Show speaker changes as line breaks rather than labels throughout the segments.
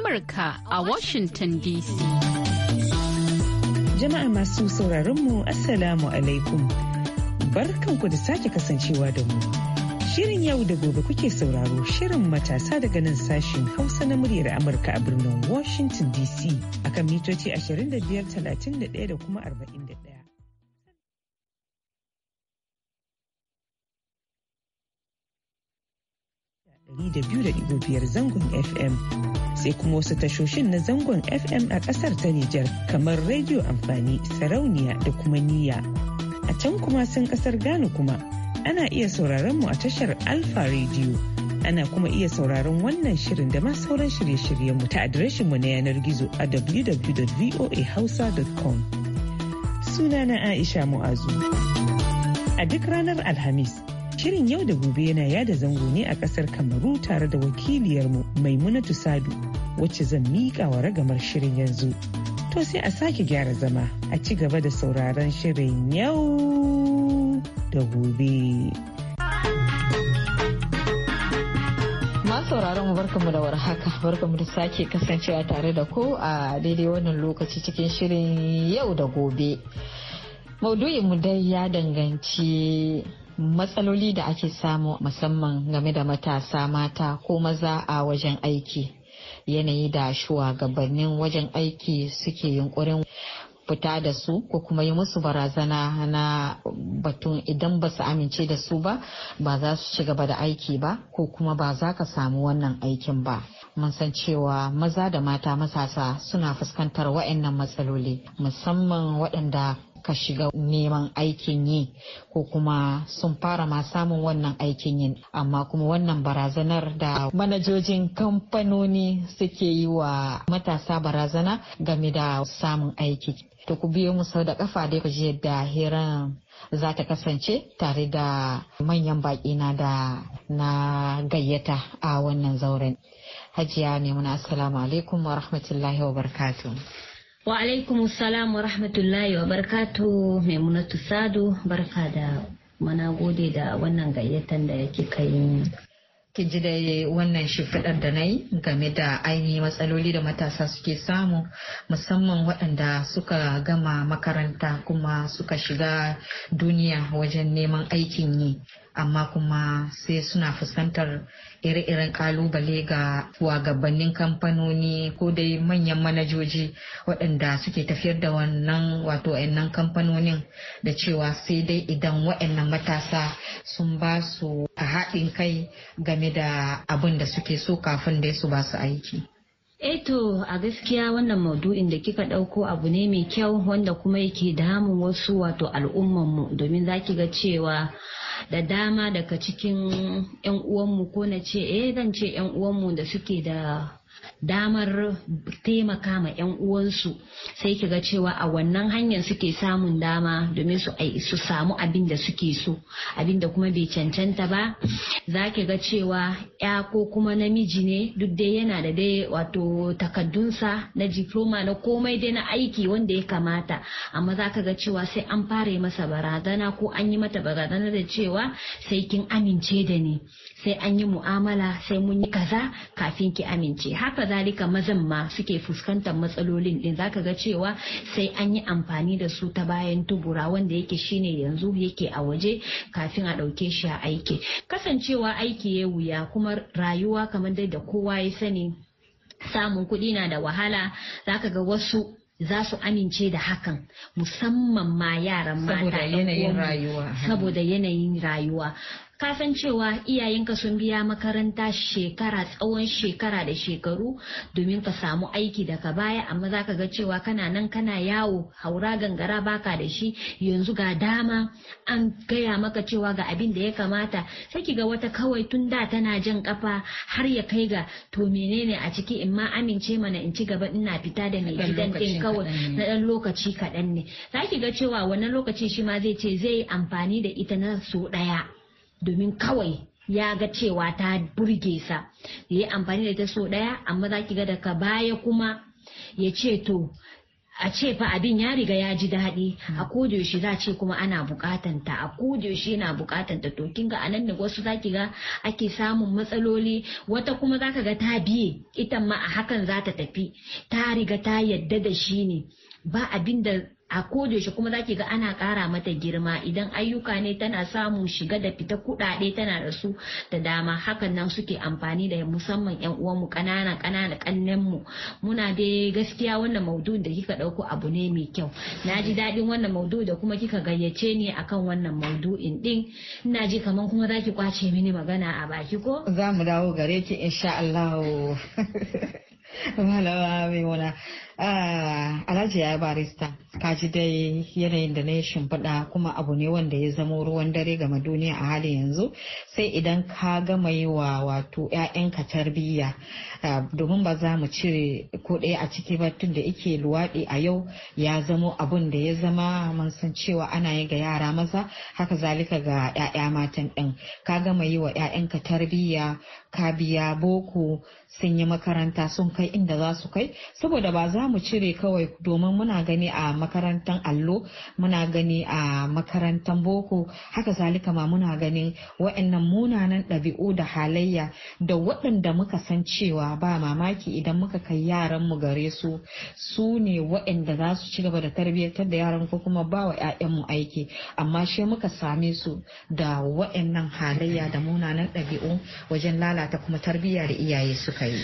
Amurka a Washington DC.
Jama'a masu mu Assalamu alaikum. Barkanku da sake kasancewa da mu. Shirin yau da gobe kuke sauraro shirin matasa daga nan sashen Hausa na muryar Amurka a birnin Washington DC akan mitoci 25, 31 da kuma 41. 102.5 zangon FM. Sai kuma wasu tashoshin na zangon FM a kasar ta Nijar kamar Radio Amfani, Sarauniya da kuma Niyya. A can kuma sun ƙasar Ghana kuma ana iya sauraron mu a tashar Alpha Radio. Ana kuma iya sauraron wannan shirin da ma sauran shirye shiryen mu ta mu na yanar gizo a www.voahausa.com. Sunana Aisha Mu'azu. A duk ranar Alhamis Shirin yau da gobe yana yada zango ne a kasar Kamaru tare da wakiliyarmu Maimunatu Sadu wacce zan miƙa wa ragamar shirin yanzu. To sai a sake gyara zama a ci gaba da sauraron shirin yau da gobe.
sauraron mu barkamu da warhaka barkamu da sake kasancewa tare da ku a daidai wannan lokaci cikin shirin yau da gobe. Maudu'in mu dai ya danganci matsaloli da ake samu musamman game da matasa mata ko maza a wajen aiki yanayi da shugabannin wajen aiki suke yunkurin fita da su ko kuma yi musu barazana na batun idan ba su amince da su ba ba za su ci gaba da aiki ba ko kuma ba za ka samu wannan aikin ba mun san cewa maza da mata matasa suna fuskantar waɗannan matsaloli musamman waɗanda ka shiga neman aikin yi ko kuma sun fara ma samun wannan aikin yin amma kuma wannan barazanar da manajojin kamfanoni suke yi wa matasa barazana game da samun aiki to ku biyo mu sau da kafa da ku ji yadda hiran za ta kasance tare da manyan baƙi na da na gayyata a wannan zauren hajiya ne muna assalamu alaikum wa rahmatullahi wa barkatu.
Wa alaikum salam wa
rahmatullahi wa
barkatu Maimunatu Sadu barka da mana gode da wannan gayyatan da
yake kai ki ji da wannan shifidar da na yi game da ainihin matsaloli da matasa suke samu musamman waɗanda suka gama makaranta kuma suka shiga duniya wajen neman aikin yi amma kuma sai suna fuskantar ire-iren kalubale ga wagabannin kamfanoni ko dai manyan manajoji waɗanda suke tafiyar da wannan wato kamfanonin da cewa sai dai idan waɗannan matasa sun ba su a haɗin kai game da abin da suke so kafin dai su ba su aiki.
Eto eh a gaskiya wannan maudu'in da kika ɗauko abu ne mai kyau wanda kuma yake damun wasu wato al'ummanmu domin za ki ga cewa da dama daga cikin 'yan uwanmu ko na ce eh zan ce 'yan uwanmu da suke da damar taimaka ma 'yan uwansu sai kiga cewa a wannan hanyar suke samun dama domin su samu abin da suke so abin da kuma bai cancanta ba za ki ga cewa 'ya ko kuma namiji ne duk dai yana da dai wato takaddunsa na diploma na komai dai na aiki wanda ya kamata amma za ka ga cewa sai an fara masa barazana ko an yi mata barazana da cewa sai kin amince da ni sai an yi mu'amala sai mun yi kaza kafin ki amince har haka zalika mazan ma suke fuskantar matsalolin din zaka ga cewa sai an yi amfani da su ta bayan tubura wanda yake shine yanzu yake a waje kafin a ɗauke shi a aiki kasancewa aiki ya wuya kuma rayuwa kamar dai da kowa ya sani samun kuɗi na da wahala zaka ga wasu za su amince da hakan musamman ma yaran mata saboda yanayin rayuwa kasan cewa iyayenka sun biya makaranta shekara tsawon shekara da shekaru domin ka samu aiki daga baya amma za ka ga cewa kana nan kana yawo haura gangara baka da shi yanzu ga dama an gaya maka cewa ga abin da ya kamata sai ki ga wata kawai tun da tana jan kafa har ya kai ga to menene a ciki in ma amince mana in ci gaba ina fita da mai gidan din kawai na dan lokaci kaɗan ne za ki ga cewa wannan lokaci shi ma zai ce zai amfani da ita na so ɗaya. domin kawai ya ga cewa ta burge sa ya yi amfani da ta so ɗaya amma za ki ga daga baya kuma ya ce to a ce fa abin ya riga ya ji daɗi a kodiyoshi za ce kuma ana bukatanta ta a kodiyoshi na buƙatan ta to kinga a nan ne wasu ki ga ake samun matsaloli wata kuma za ka ga ta biye ita ma a hakan za ta tafi ta riga ta yadda da shi ne ba abin da a kodayaushe kuma zaki ga ana kara mata girma idan ayyuka ne tana samu shiga da fita kuɗaɗe tana da su da dama hakan nan suke amfani da musamman yan uwanmu kanana kanana kannen mu muna dai gaskiya wannan maudu'in da kika ɗauko abu ne mai kyau na ji daɗin wannan maudu'i da kuma kika gayyace ni akan wannan maudu'in ɗin ina ji kaman kuma zaki kwace
mini magana a baki ko za mu dawo gare ki insha Allah malama mai Ah, alhaji ya barista kaji dai yanayin da na ya shimfiɗa kuma abu ne wanda ya zama ruwan dare game duniya a halin yanzu sai idan ka gama yi wa wato 'ya'yanka tarbiyya ah, domin ba za mu cire ko ɗaya a ciki ba tun da ike luwaɗi a yau ya zamo abun da ya zama mun san cewa ana yi ga yara maza haka zalika ga 'ya'ya matan ɗin ka gama yi wa 'ya'yanka tarbiyya ka biya boko sun yi makaranta sun kai inda za su kai saboda ba za mu cire kawai domin muna gani a makarantar allo muna gani a makarantar boko haka zalika ma muna ganin wa'annan munanan ɗabi'u da halayya da waɗanda muka san cewa ba mamaki idan muka kai yaran mu gare su su ne waɗanda za su ci gaba da tarbiyyar da yaran ko kuma ba wa 'ya'yanmu aiki amma shi muka same su da wa'annan halayya da munanan ɗabi'u wajen lalata ta kuma tarbiyya da iyaye suka yi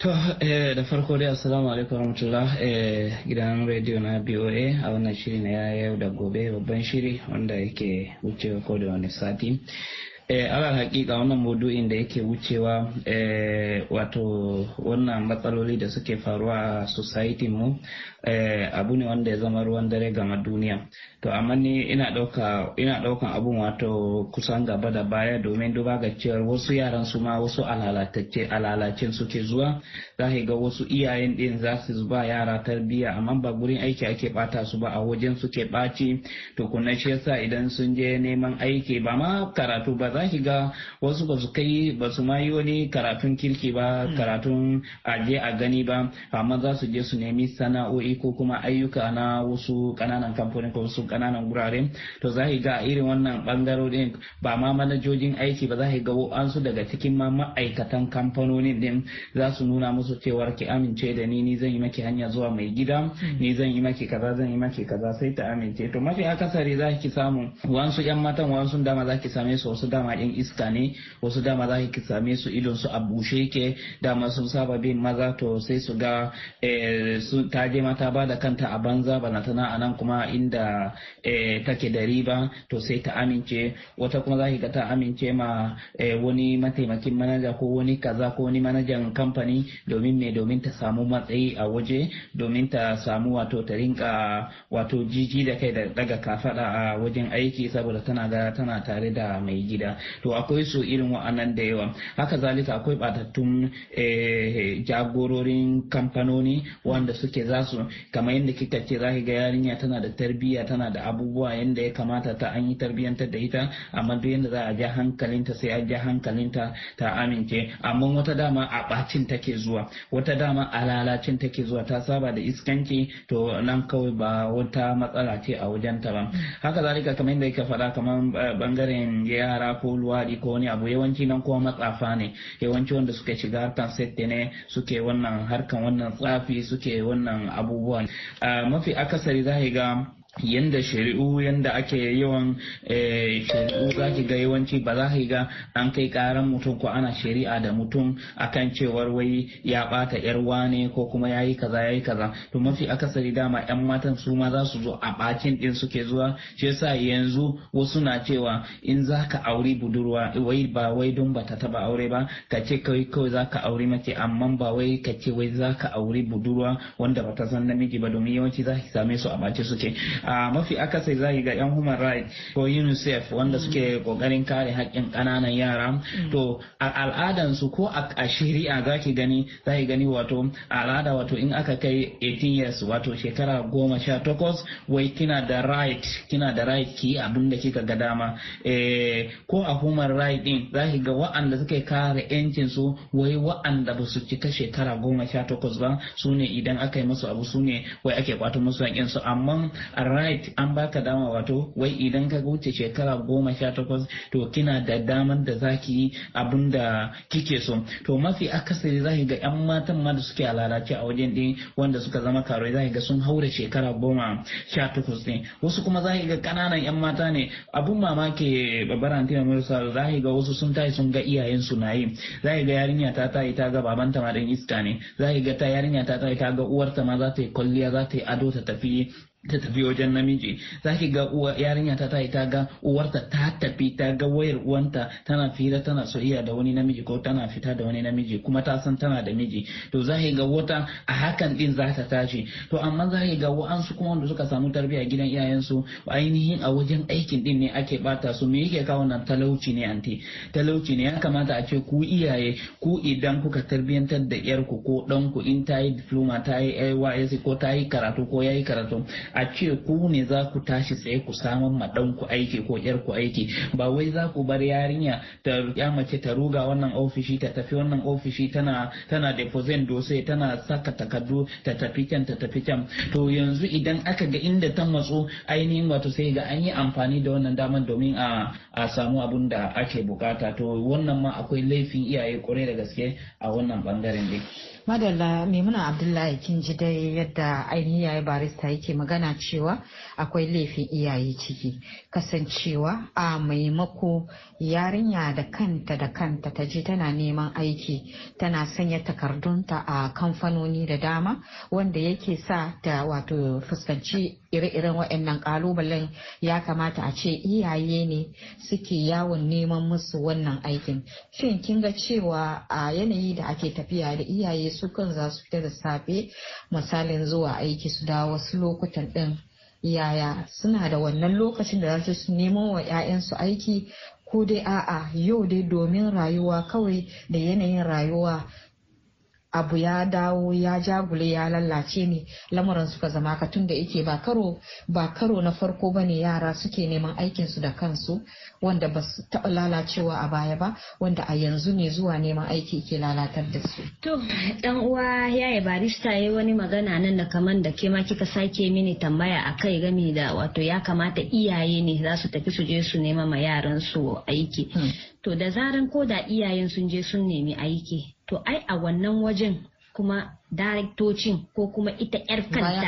To eh, da farko dai assalamu alaikum warahmatullah eh, gidan rediyo na BOA a wannan shiri na yau da gobe babban shiri wanda yake wucewa ko da wani sati. Eh, alal hakika wannan maudu'in da yake wucewa eh, wato wannan matsaloli da suke faruwa a society mu eh, abu ne wanda ya zama ruwan dare gama duniya to amma ni ina ɗaukan abun wato kusan gaba da baya domin duba ga cewar wasu yaran su ma wasu alalacin suke zuwa za ga wasu iyayen ɗin za su zuba yara tarbiyya amma ba gurin aiki ake bata su ba a wajen suke ɓaci to kunna shi yasa idan sun je neman aiki ba ma karatu ba za ki ga wasu ba su kai ba su ma yi wani karatun kirki ba hmm. karatun aje a gani ba amma za su je su nemi sana'o'i ko kuma ayyuka na wasu kananan kamfani ko wasu kananan gurare to za ki ga irin wannan bangarorin ba ma manajojin aiki ba za ki ga an su daga cikin ma ma'aikatan kamfanonin din za su nuna musu cewar ki amince da ni ni zan yi maki hanya zuwa mai gida hmm. ni zan yi maki kaza zan yi maki kaza sai ta amince to mafi akasari za ki samu wasu yan matan wasu dama za ki same su wasu dama dama iska ne wasu dama za ki same su idon su a bushe yake dama sun saba bin maza to sai su ga eh, ta je mata ba da kanta a banza ba tana a nan kuma inda eh, take da riba to sai ta amince wata kuma za ki ga ta amince ma eh, wani mataimakin manaja ko wani kaza ko wani manajan kamfani domin me domin ta samu matsayi a waje domin ta samu wato ta rinka wato jiji da kai da daga kafaɗa a wajen aiki saboda tana tana tare da mai gida da to akwai su irin wa'annan da yawa haka zalika akwai batattun eh, jagororin kamfanoni wanda suke za su kamar yadda kika ce za ga yarinya tana da tarbiyya tana da abubuwa yadda ya kamata ta an yi tarbiyyantar da ita amma duk yadda za a ja hankalinta sai a ja hankalinta ta amince amma wata dama a bacin take zuwa wata dama a lalacin take zuwa ta saba da iskanci to nan kawai ba wata matsala ce a wajen ta ba haka zalika kamar yadda kika faɗa kamar bangaren eh, yara ko luwaɗi ko wani abu yawanci nan kuma matsafa ne yawanci wanda suka shiga harkan sette ne suke wannan harkan wannan tsafi suke wannan abubuwan ah, mafi akasari za ga yanda shari'u yanda ake yawan eh, shari'u za ki ga yawanci ba za ki ga an kai karan mutum ko ana shari'a da mutum akan cewar wai ya bata yar wane ko kuma ya yi kaza ya yi kaza to mafi akasari dama yan matan su ma za su zo a bakin din suke zuwa shi yasa yanzu wasu na cewa in za ka auri budurwa wai ba wai don ba ta taba aure ba ka ce kawai kawai za ka auri mace amma ba wai ka ce wai za ka auri budurwa wanda ba ta san namiji ba domin yawanci za ki same su a bace suke a mafi akasai zaki ga yan human rights ko unicef wanda mm. suke kokarin kare haƙƙin ƙananan yara mm. to a al'adansu ko a shari'a zaki gani zaki gani wato al'ada wato in aka kai 18 years wato shekara goma sha takwas wai kina da right kina da right ki abin da kika ga dama eh, ko a human right din zaki ga wa'anda suke kare yancin su wai wa'anda ba su cika shekara goma sha takwas ba su ne idan aka yi musu abu su ne wai ake kwato musu yankin su amma right an baka dama wato wai idan ka wuce shekara goma sha takwas to kina da daman da zaki yi abin da kike so to mafi akasari za ga yan matan ma da suke lalace a wajen din wanda suka zama karo za ga sun haura shekara goma sha takwas din wasu kuma za ga kananan yan mata ne abun mamaki babbar antina musa za ga wasu sun tashi sun ga iyayensu na yi za ga yarinya ta tayi ta ga babanta ma dan iska ne za ga ta yarinya ta tayi ta ga uwarta ma za ta yi kwalliya za ta yi ado ta tafi ta tafi wajen namiji za ki ga uwa yarinya ta tayi ta ga uwarta ta tafi ta ga wayar uwanta tana fira tana soyayya da wani namiji ko tana fita da wani namiji kuma ta san tana da miji to za ki ga wata a hakan din za ta tashi to amma za ki ga wa'ansu kuma wanda suka samu tarbiyya gidan iyayensu ainihin a wajen aikin din ne ake bata su me yake kawo nan talauci ne anti talauci ne ya kamata a ce ku iyaye ku idan kuka tarbiyyantar da yarku ko ɗanku in ta yi diploma ta yi ko ta yi karatu ko ya yi karatu a ce ku ne za ku tashi tsaye ku samun maɗan ku aiki ko ƴar ku aiki ba wai za ku bar yarinya ta ya mace ta ruga wannan ofishi ta tafi wannan ofishi tana tana deposit dosai tana saka takardu ta tafi can ta tafi can to yanzu idan aka ga inda ta matsu ainihin wato sai ga an yi amfani da wannan daman domin a a samu abun da ake bukata to wannan ma akwai laifin iyaye kwarai da gaske a wannan bangaren dai
madalla maimuna abdullahi kin ji dai yadda ainihin yayi barista yake magana cewa akwai laifin iyaye ciki kasancewa a maimako yarinya da kanta da kanta ta je tana neman aiki tana sanya takardunta a kamfanoni da dama wanda yake sa ta wato fuskanci ire-iren waɗannan ƙalubalen ya kamata a ce iyaye ne suke yawon neman musu wannan aikin shin kin ga cewa a yanayi da ake tafiya da iyaye su kan za su fita da safe misalin zuwa aiki su dawo wasu lokutan ɗin yaya suna da wannan lokacin da za su nemo wa 'ya'yansu aiki ko dai a'a yau dai domin rayuwa kawai da yanayin rayuwa abu ya dawo ya jagule ya lallace ne lamarin suka zama ka tun da yake ba karo ba karo na farko bane yara suke neman aikin su da kansu wanda ba su taɓa lalacewa a baya ba wanda a yanzu ne zuwa neman aiki ke lalatar da su.
To ɗan uwa yaya barista ya wani magana nan da kaman da ke ma kika sake mini tambaya a kai game da wato ya kamata iyaye ne za su tafi su je su nema ma yaran su aiki. Hmm. To da zaran ko da iyayen sun je sun nemi aiki to ai a wannan wajen kuma daraktocin ko kuma ita yar kanta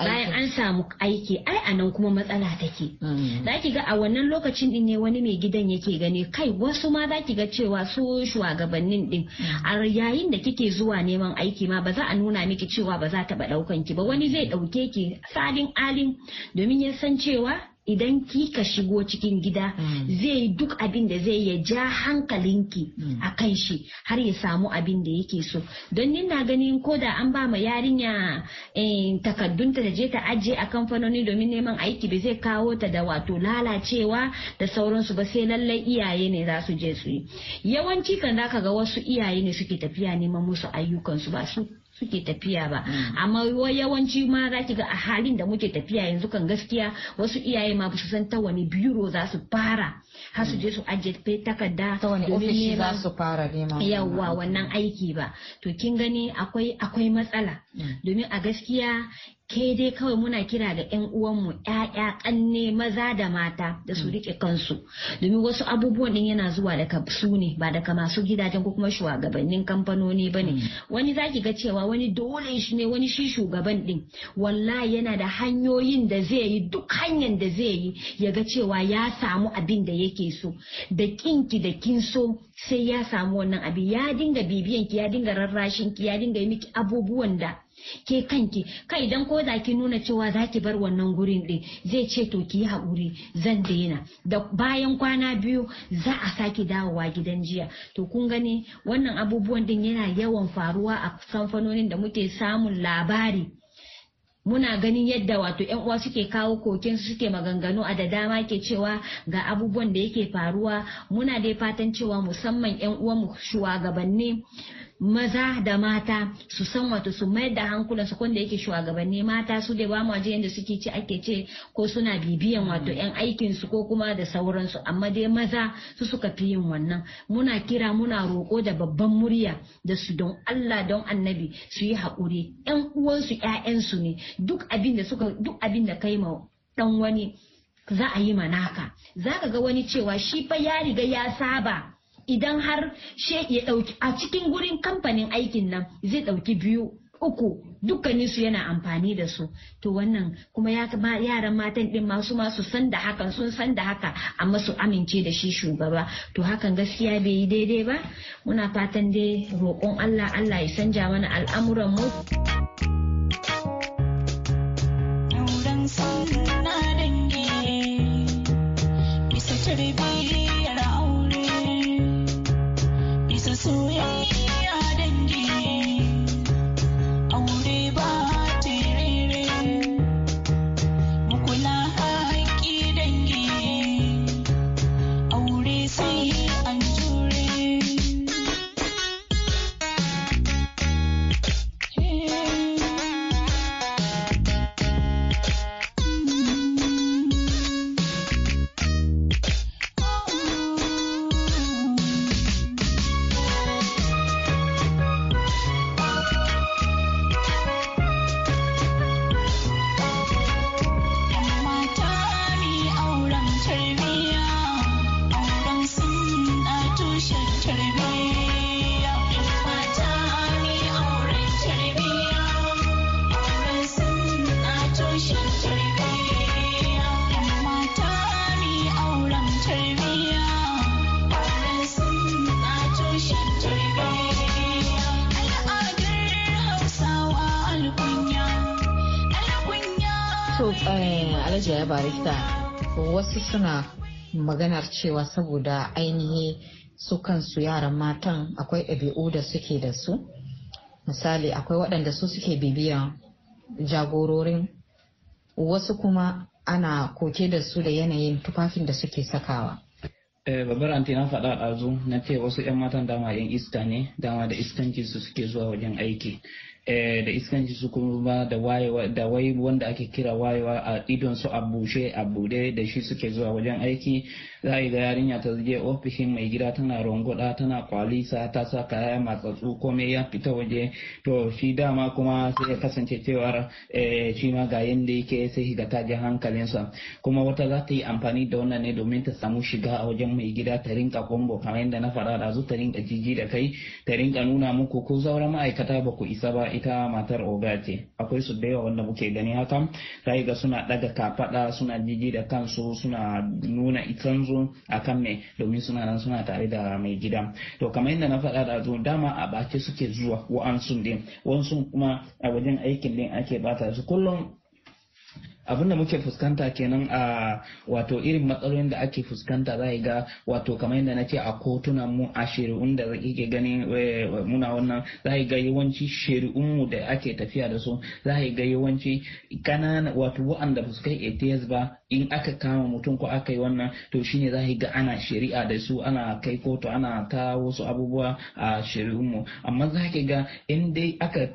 bayan an samu aiki ai a nan kuma matsala take mm. za ki ga a wannan lokacin din ne wani mai gidan yake gani kai wasu ma za ki ga cewa su shugabannin din mm. a yayin da kike zuwa neman aiki ma ba za a nuna miki cewa ba za ta ba daukan ki ba wani zai ɗauke ki salin alin domin ya san cewa idan ki ka shigo cikin gida mm. zai duk abin da zai ya ja hankalinki mm. a kan shi har ya samu abin da yake so don nina ganin ko da an ba ma yarinya eh, takaddunta da je ta ajiye a kamfanoni domin neman aiki ba zai kawo ta da wato lalacewa da sauransu ba sai lallai iyaye ne za su je su yi yawanci kan ka ga wasu iyaye ne suke tafiya neman musu ayyukansu ba su suke tafiya ba hmm. amma yawanci ma za ki ga a halin da muke tafiya yanzu kan gaskiya wasu iyaye ma su san ta wani biro za su fara har su je su ajiye takarda ta wani ofishi za su
fara nema yawa
wannan aiki ba to kin gani akwai akwai matsala hmm. domin a gaskiya ke dai kawai muna kira da 'yan uwanmu 'ya'ya kanne maza da mata da su mm. rike kansu domin wasu abubuwan din yana zuwa daga su ne ba daga masu gidajen ko kuma shugabannin kamfanoni ba ne mm. wani zaki ga cewa wani dole shi ne wani shi shugaban din wallahi yana da hanyoyin da zai yi duk hanyar da zai yi ya ga cewa ya samu abin da yake so da kinki da kin so sai ya samu wannan abin ya dinga bibiyanki ya dinga rarrashinki ya dinga yi miki abubuwan da ke kanki kai idan ko za ki nuna cewa za ki bar wannan gurin din zai ce to ki yi haƙuri zan daina da bayan kwana biyu za a sake dawowa gidan jiya to kun gani wannan abubuwan din yana yawan faruwa a kamfanonin da muke samun labari muna ganin yadda wato yan uwa suke kawo kokin suke maganganu a da dama ke cewa ga abubuwan da yake faruwa muna dai fatan cewa musamman yan uwa mu shugabanni maza da mata su san wato su mayar da hankulan su kwanda yake shugabanni mata su da ba mu waje yadda suke ci ake ce ko suna bibiyan wato mm. yan aikin su ko kuma da sauransu amma dai maza su suka fi yin wannan muna kira muna roko da babban murya da su don Allah don annabi su yi haƙuri yan uwansu 'ya'yansu ne duk abin da suka duk abin da kai ma dan wani za a yi manaka za ka ga wani cewa shi fa ya riga ya saba idan har she ya ɗauki a cikin gurin kamfanin aikin nan zai ɗauki biyu uku dukkanin su yana amfani da su to wannan kuma yaran matan ɗin masu masu san da haka, sun san da haka amma su amince da shi shugaba to hakan gaskiya bai yi daidai ba muna fatan dai roƙon Allah Allah ya sanja mana al'amuran mu
Bisa tarbiyyar soyayya dangi
hajiya barista wasu suna maganar cewa saboda ainihi su kansu yaran matan akwai ɗabi'u da suke da su misali akwai waɗanda su suke bibiyan jagororin wasu kuma ana koke da su da yanayin tufafin da suke sakawa
eh, babbar anti na faɗa ɗazu na ce wasu 'yan matan dama 'yan ista ne dama da iskanci su suke zuwa wajen aiki Eh, da iskanci su kuma da wayewa wai wanda ake kira wayewa a idon su a bushe a bude da shi suke zuwa wajen aiki za a yi ga yarinya ta je ofishin mai gida tana rongoda tana kwalisa ta sa kaya matsatsu komai ya fita waje to shi dama kuma sai ya kasance cewar eh, shi ma ga yanda yake sai ga ta je hankalinsa kuma wata za ta yi amfani da wannan ne domin ta samu shiga a wajen mai gida ta rinka kombo kamar yadda na faɗa da zu ta rinka jiji da kai ta rinka nuna muku ko sauran ma'aikata ba ku isa ba ita matar oga ce akwai su da yawa wanda muke gani hakan zai ga suna daga kafada suna jiji da kansu suna nuna ikanzu kan mai domin suna nan suna tare da mai gida to kamar yadda na faɗa da zuwa dama a baki suke zuwa wa'ansu din wasu kuma a wajen aikin din ake bata su kullum da muke fuskanta kenan a wato irin matsalolin da ake fuskanta za ga wato kamar yadda na ce a kotunan mu a shari'un da ke ganin eh, muna wannan za ga yawanci shari'un mu da ake tafiya da su za ga yawanci kanana wato wa'anda ba su kai ATS ba in aka kama mutum ko aka yi wannan to shine za ga ana shari'a da su ana kai kotu ana ta wasu abubuwa a shari'un mu amma za ga in dai aka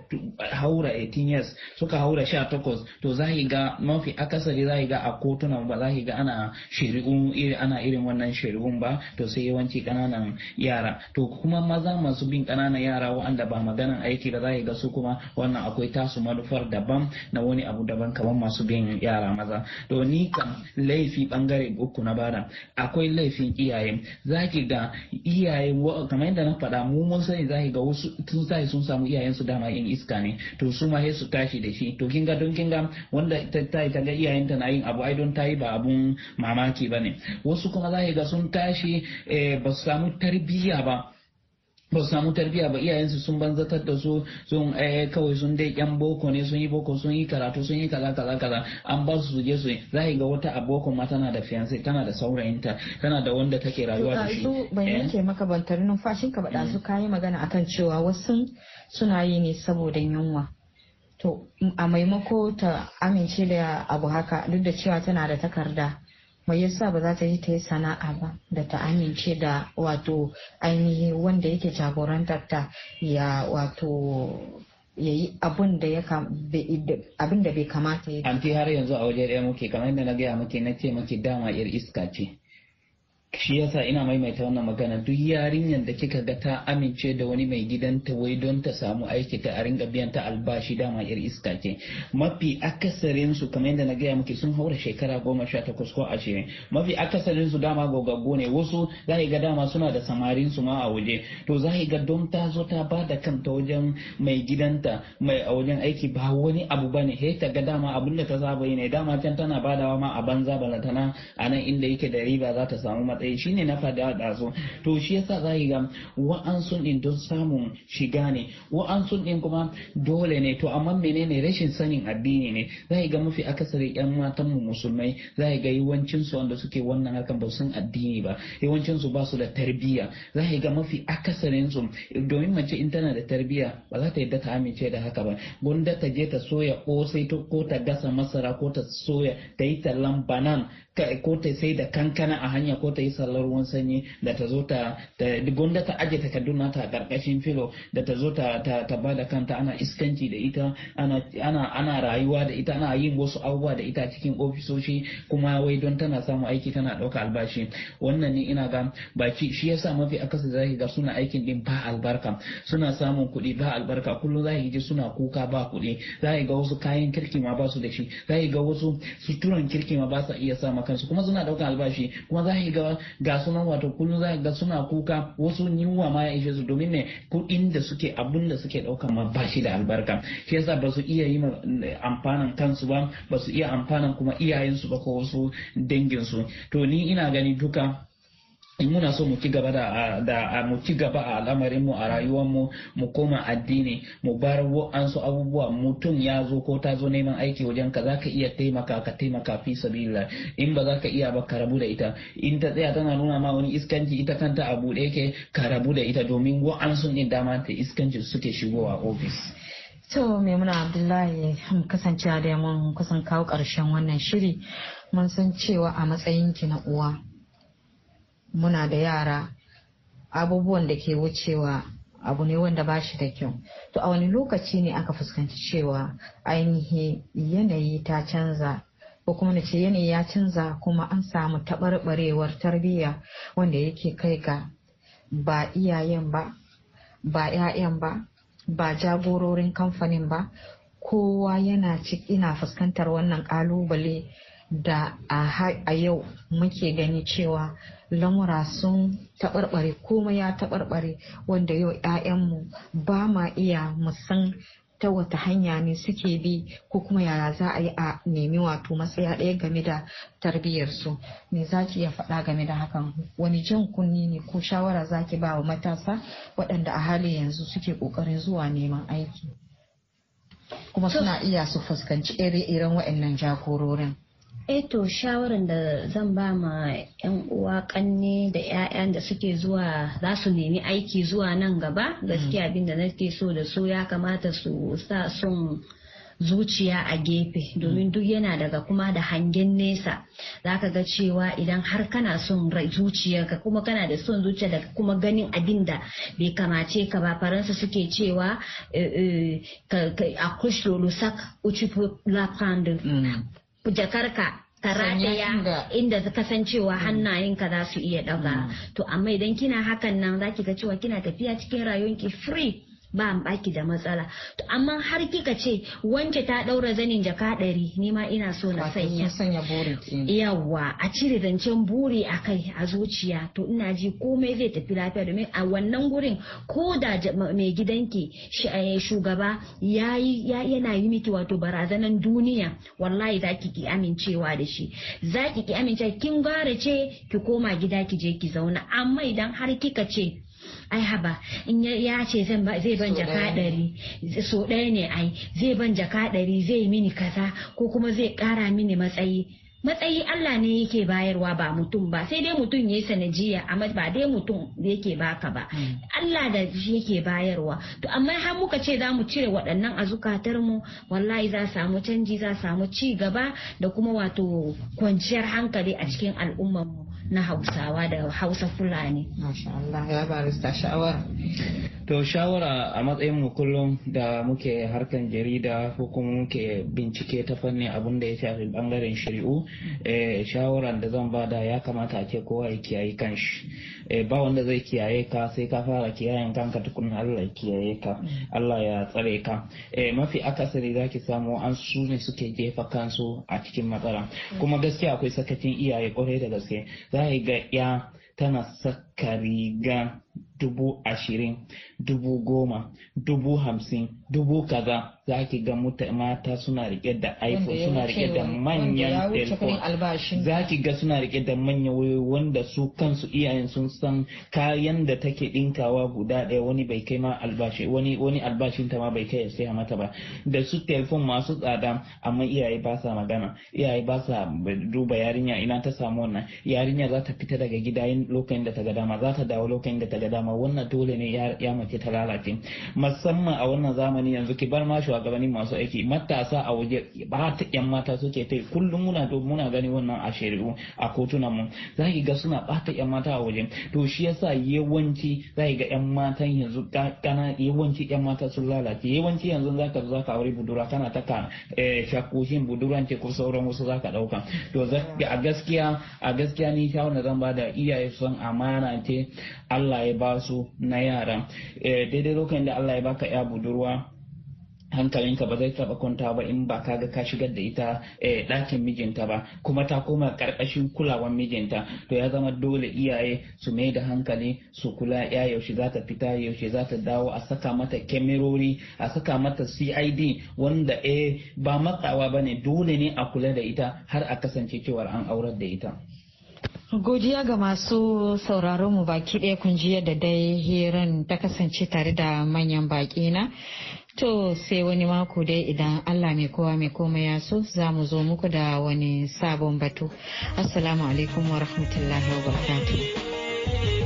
haura 18 years suka haura 18 to za ga mafi akasari za ga a kotunan ba za ga ana shari'un iri ana irin wannan shari'un ba to sai yawanci kananan yara to kuma maza masu bin kananan yara waɗanda ba maganan aiki ba za ga su kuma wannan akwai tasu manufar daban na wani abu daban kamar masu bin yara maza to ni kam laifi bangare uku na bada akwai laifin iyaye za ki ga iyaye kamar yadda na faɗa mu mun sani za ga wasu tun sai sun samu iyayen su dama yan iska ne to su ma su tashi da shi to kin ga don kin ga wanda ta ta ga iyayenta na yin abu ai don ta yi ba abun mamaki ba ne wasu kuma za ga sun tashi eh, ba su samu tarbiyya ba ba su samu tarbiyya ba iyayensu sun banzatar da su sun eh, kawai sun dai yan boko ne sun yi boko sun yi karatu sun yi kaza kaza kaza an ba su suje su za ga wata aboko ma tana da fiance tana da saurayinta tana da wanda take rayuwa da shi ban eh? yanke
maka bantar numfashin mm. ka ba su kai magana akan cewa wasu suna yi ne saboda yunwa to a maimako ta amince da abu haka duk da cewa tana da takarda mai yasa ba za ta yi ta yi sana'a ba da ta amince da wato ainihi wanda yake jagorantar ta ya wato ya yi abin da bai kamata ya
an fi har yanzu a waje ɗaya muke kamar yadda na gaya muke na ce muke dama 'yar iska ce shi yasa ina maimaita wannan magana duk yarinyar da kika ga ta amince da wani mai gidanta wai don ta samu aiki ta a ringa biyan ta albashi dama ir iska ke mafi akasarin su kamar yadda na gaya muke sun haura shekara goma sha takwas ko ashirin mafi akasarin su dama gogaggo ne wasu za ga dama suna da samarin su ma a waje to za ga don ta zo ta ba da kanta wajen mai gidanta mai a wajen aiki ba wani abu ba ne ta ga dama abin da ta saba yi ne dama can tana badawa ma a banza balantana a nan inda yake da riba za ta samu ɗaya shine na faɗa ɗazu to shi yasa za ga wa'ansun ɗin don samun shiga ne wa'ansun ɗin kuma dole ne to amma menene rashin sanin addini ne za ga mafi akasari ƴan matan mu musulmai za ga yawancin su wanda suke wannan hakan ba sun addini ba yawancin su ba su da tarbiyya za ga mafi akasarin su domin mace in tana da tarbiyya ba za ta yadda ta amince da haka ba gwanda ta je ta soya kosai ko ta gasa masara ko ta soya ta yi tallan banan ko ta sai da kankana a hanya ko ta yi sallar ruwan sanyi da ta zo ta gunda ta aje kaduna ta karkashin filo da ta zo ta ba da kanta ana iskanci da ita ana rayuwa da ita ana yin wasu abubuwa da ita cikin ofisoshi kuma wai don tana samun aiki tana ɗauka albashi wannan ne ina ga baki shi yasa mafi akasa zaki ga suna aikin din ba albarka suna samun kuɗi ba albarka kullum ki ji suna kuka ba kuɗi ki ga wasu kayan kirki ma ba su da shi za ki ga wasu suturan kirki ma ba su iya sama. kansu kuma suna ɗaukan albashi kuma za ga ga nan wato kullum za ga suna kuka wasu yunwa ma ya ishe su domin ne kuɗin da suke abun da suke ɗaukan ma ba da albarka shi yasa ba su iya yi eh, amfanan kansu ba ba su iya amfanan kuma iyayensu ba ko wasu dangin su to ni ina gani duka in muna so mu ci gaba da mu ci gaba a al'amarin mu a rayuwar mu mu koma addini mu bar wa'ansu abubuwa mutum ya zo ko ta zo neman aiki wajen ka zaka iya taimaka ka taimaka fi sabila in ba ka iya ba ka rabu da ita in ta tsaya tana nuna ma wani iskanci ita kanta a buɗe ke ka rabu da ita domin wa'ansu ne dama ta iskanci suke shigowa ofis
To Maimuna Abdullahi kasance da mun kusan kawo karshen wannan shiri mun san cewa a matsayin ki na uwa muna da yara abubuwan da ke wucewa abu ne wanda ba shi da kyau to a wani lokaci ne aka fuskanci cewa ainihi yanayi ta canza ko kuma ce yanayi ya canza kuma an samu taɓarɓarewar tarbiyya wanda yake kai ga ba iyayen ba ba 'ya'yan ba ba jagororin kamfanin ba kowa yana ina fuskantar wannan ƙalubale da a yau muke gani cewa lamura sun taɓarɓare kuma ya taɓarɓare wanda yau 'ya'yanmu ba ma iya musan ta wata hanya ne suke bi ko kuma yaya za a yi a nemi wato matsaya ɗaya game da tarbiyyarsu me za ki iya faɗa game da hakan wani jan kunni ne ko shawara za ki ba wa matasa waɗanda a hali yanzu suke ƙoƙarin zuwa neman aiki kuma suna iya su fuskanci iri iren waɗannan jagororin eto eh shawarar da
zan ba ma 'yan uwa kanne da 'ya'yan da suke zuwa za su nemi aiki zuwa nan gaba mm. gaskiya abin da nake so da su ya kamata su sa sun zuciya a gefe mm. domin duk yana daga kuma da hangen nesa za ka ga cewa idan har kana son zuciyarka kuma kana da son zuciya da kuma ganin abin da bai kamace ka ba faransa suke cewa eh, eh, a kushe lolusak uchi la jakarka ka rataya inda ka san cewa mm. hannayenka za su iya daga mm. to amma idan kina hakan nan zaki ga cewa kina tafiya cikin rayuwanki free ba baki da matsala to amma har kika ce wance ta daura zanin jaka ɗari ni ma ina so na sanya sanya buri yawa a cire zancen buri a kai a zuciya to ina ji komai zai tafi lafiya domin a wannan gurin ko da mai gidanki eh, shugaba yayi yana yi miki wato barazanan duniya wallahi zaki ki amincewa da shi zaki ki amince kin gara ce ki koma gida ki je ki zauna amma idan har kika ce ai haba in ya ce zan ba zai ban jaka ɗari so ɗaya ne ai zai ban jaka ɗari zai mini kaza ko kuma zai ƙara mini matsayi matsayi Allah ne yake bayarwa ba mutum ba sai dai mutum ya yi sanajiya amma ba dai mutum yake baka ba hmm. Allah da shi yake bayarwa to amma har muka ce za mu cire waɗannan azukatar mu wallahi za samu canji za samu ci gaba da kuma wato kwanciyar hankali a cikin al'ummar mu na hausawa da hausa fulani
ya barista
shawara to shawara a matsayin mu kullum da muke harkan jarida ko kuma muke bincike ta fannin abin da ya shafi bangaren shari'u eh, shawaran da zan bada ya kamata a ce kowa ya kiyaye shi eh, ba wanda zai kiyaye ka sai ka fara kiyayen kanka tukun Allah ya kiyaye ka Allah ya tsare ka eh, mafi akasari za ki samu an su ne suke jefa kansu a cikin matsala kuma gaskiya akwai sakacin iyaye kwarai da gaske za रह गया tana saka riga dubu ashirin dubu goma dubu hamsin dubu kaza za ki ga mata suna rike da iphone suna rike da manyan telefon za ki ga suna rike da manyan wayoyi wanda su kansu iyayen sun san kayan da take dinkawa guda daya wani bai kai ma albashi wani wani albashin ta ma bai kai sai mata ba da su telefon masu tsada amma iyaye ba sa magana iyaye ba sa duba yarinya ina ta samu wannan yarinya za ta fita daga gida lokacin da ta ga dama za ta dawo lokacin da ta ga dama wannan dole ne ya mace ta lalace musamman a wannan zamani yanzu ki bar ma shugabanni masu aiki matasa a waje ba ta yan mata suke ta kullum muna muna gani wannan a shari'u a kotunan mu za ki ga suna ba ta yan mata a waje to shi yasa yawanci za ki ga yan matan yanzu kana yawanci yan mata sun lalace yawanci yanzu za ka za ka aure budura kana ta ka eh, shakoshin buduran ce ko sauran wasu za ka dauka to a gaskiya a gaskiya ni shawarar zan ba da iyaye son amana ce Allah ya ba su na yara eh, daidai lokacin da Allah ya baka ya budurwa hankalinka ba zai taba kwanta ba in ba ka ga ka shigar da ita eh, ɗakin mijinta ba kuma ta koma ƙarƙashin kulawan mijinta to ya zama dole iyaye su mai da hankali su kula ya yaushe za ta fita yaushe za ta dawo a saka mata kemerori a saka mata cid wanda eh ba matsawa ba ne dole ne a kula da ita har a kasance cewar an aurar da ita.
Godiya ga masu sauraron mu baki ɗaya kun ji yadda dai hirin ta kasance tare da manyan baki na. To sai wani mako dai idan Allah mai kowa mai koma ya so za mu zo muku da wani sabon batu. Assalamu alaikum wa rahmatullahi wa barakatuh.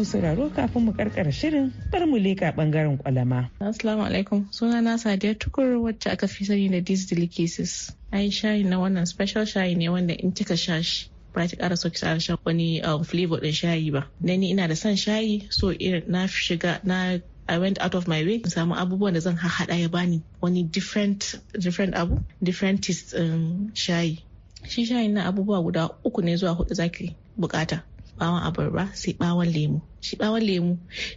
masu sauraro kafin mu karkara shirin bar mu leka bangaren kwalama.
Assalamu alaikum suna na Sadiya Tukur wacce aka fi sani da these delicacies. Ai shayi na wannan special shayi ne wanda in kika sha shi ba ta ƙara so tsara shan wani um, flavor ɗin shayi ba. Na ni ina da son shayi so na shiga na I went out of my way in samu abubuwan da zan haɗa ya bani wani different different abu different taste um, shayi. Shi shayi na abubuwa guda uku ne zuwa hudu zaki bukata. bawon abarba sai bawon lemu shi bawon lemu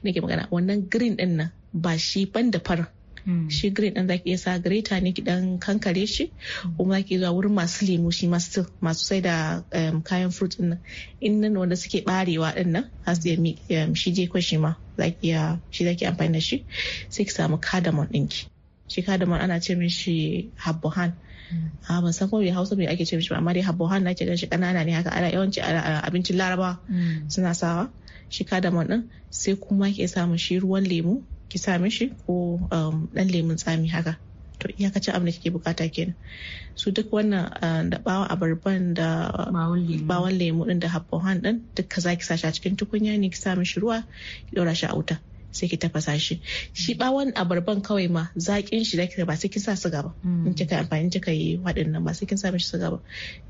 nake magana wannan green din nan ba shi ban da fara hmm. shi green din zaki iya sa greta ne ki dan kankare shi kuma zaki zuwa wurin masu lemu shi masu masu sai da um, kayan fruit din nan in nan wanda suke barewa din nan har ya um, shi je ko shi ma zaki ya shi zaki amfani da shi sai ki samu cardamom ki shi cardamom ana ce min shi habbohan a ah, ban san kuma hausa mai ake ce mishi amma dai habbohan na ke shi kanana ne haka ana yawanci abincin laraba mm. suna sawa shi kadaman din sai kuma ke samun shi ruwan lemu ki sa mishi ko dan um, lemun tsami haka to iyakacin abin da kike bukata kenan su duk wannan ah, da bawan abarban da bawan lemu din da habbohan din duka zaki sa shi a cikin tukunya ne ki sa mishi ruwa ki dora shi a wuta sai ki tafasa shi shi bawon abarban kawai ma zaƙin shi da ba sai kin sa suga ba mm. in kika amfani kika yi waɗannan ba sai kin sa mishi suga ba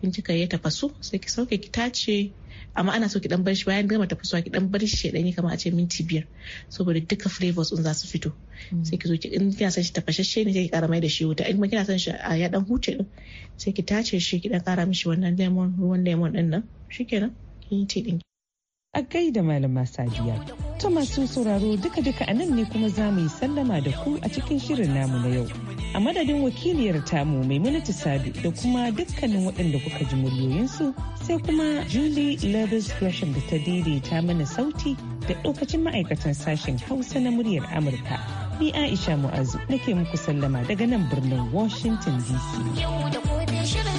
in kika yi tafasu sai ki sauke ki tace amma ana so ki dan bar shi bayan gama tafasuwa ki dan bar shi dan yi kamar a ce minti biyar saboda duka flavors din za su fito mm. sai ki zo ki in kina son shi tafashashe ne sai ki ƙara mai da shi wuta in kina son shi a ya dan huce din sai ki tace shi ki dan kara mishi wannan lemon ruwan lemon din nan
shikenan kin yi din a da malama sadiya ta masu sauraro duka-duka a nan ne kuma za mu yi sallama da ku a cikin shirin namu na yau a madadin wakiliyar tamu maimunatu sadu da kuma dukkanin waɗanda kuka ji muryoyinsu sai kuma julie levis gresham da ta daidaita mana sauti da ɗaukacin ma'aikatan sashen hausa na muryar amurka ni aisha mu'azu nake muku sallama daga nan birnin washington dc